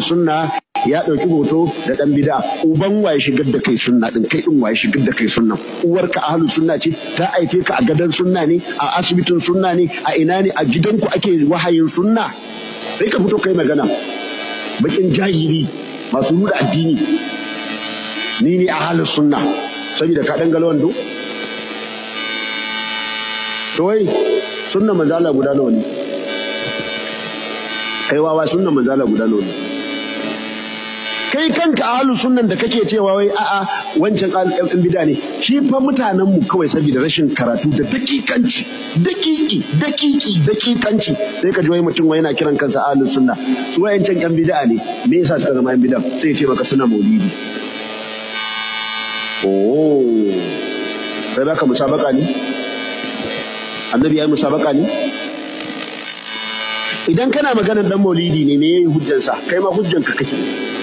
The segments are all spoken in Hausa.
sunna ya ɗauki hoto da ɗan bida uban waye shigar da kai sunna ɗin kai ɗin waye shigar da kai sunna uwarka ahalu sunna ce ta aike ka a gadon sunna ne a asibitin sunna ne a ina ne a gidanku ake wahayin sunna sai ka fito kai magana bakin jahili masu nuna addini ni ne halin sunna saboda ka ɗan wando? to wai sunna manzala guda nawa ne kai wawa sunna manzala guda nawa ne kai kanka ahlu sunnan da kake cewa wai a wancan ɗan bida ne shi fa mutanen mu kawai saboda rashin karatu da dakikanci dakiki dakiki dakikanci sai ka ji wai mutum wai yana kiran kansa ahlu sunna su wayancan ɗan bida ne me yasa suka zama ɗan bida sai ya ce maka suna maulidi oh sai baka musabaka ne annabi ya yi musabaka ne idan kana magana dan maulidi ne me yayi hujjansa kai ma hujjanka kake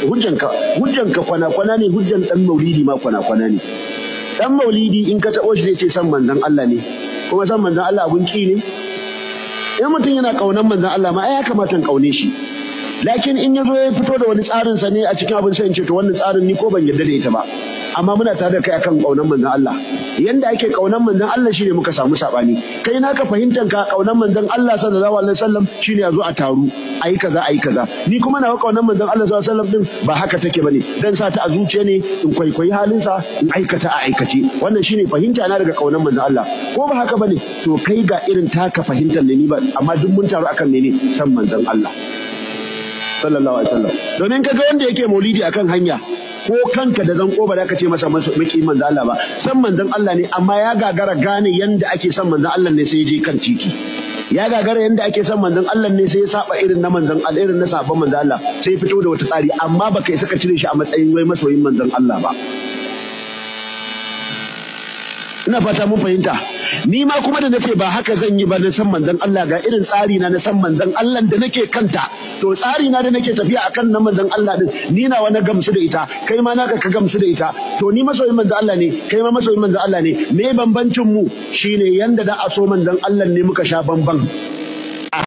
hujjanka hujjanka kwana kwana ne hujjan dan maulidi ma kwana kwana ne dan maulidi in ka taɓo shi zai ce san manzon Allah ne kuma san manzon Allah abun ki ne in mutum yana kaunan manzon Allah ma ai ya kamata in kaune shi lakin in yazo ya fito da wani tsarin sa ne a cikin abin sai in ce to wannan tsarin ni ko ban yarda da ita ba amma muna tare da kai akan kaunan manzon Allah yanda ake kaunan manzon Allah shine muka samu sabani kai naka fahimtan ka kaunan manzon Allah sallallahu alaihi wasallam shine yazo a taru ayi kaza ayi kaza ni kuma nawa kaunan manzon Allah sallallahu alaihi wasallam din ba haka take bane dan sa ta a zuciya ne in kwaikwayi halinsa in aikata a aikace wannan shine fahimta na daga kaunan manzon Allah ko ba haka bane to kai ga irin taka fahimtar ne ni ba amma duk mun taru akan ne san manzon Allah sallallahu alaihi wasallam domin kaga wanda yake maulidi akan hanya ko kanka da zanko ba za ka ce masa maki Manzala Allah ba san manzon Allah ne amma ya gagara gane yanda ake san manzon Allah ne sai ya je kan titi ya gagara yadda ake san manzon Allah ne sai ya saba irin na manzon Allah irin na saban manzon Allah sai fito da wata tsari amma baka isa ka cire shi a matsayin wai masoyin Manzan Allah ba ina fata mun fahimta ni ma kuma da nace ba haka zan yi ba na san manzon Allah ga irin tsari na na san manzon Allah da nake kanta to tsari na da nake tafiya akan na manzon Allah din ni nawa na gamsu da ita kai ma naka ka gamsu da ita to ni masoyin manzon Allah ne kai ma masoyin manzon Allah ne me bambancin mu shine yanda da aso manzon Allah ne muka sha bamban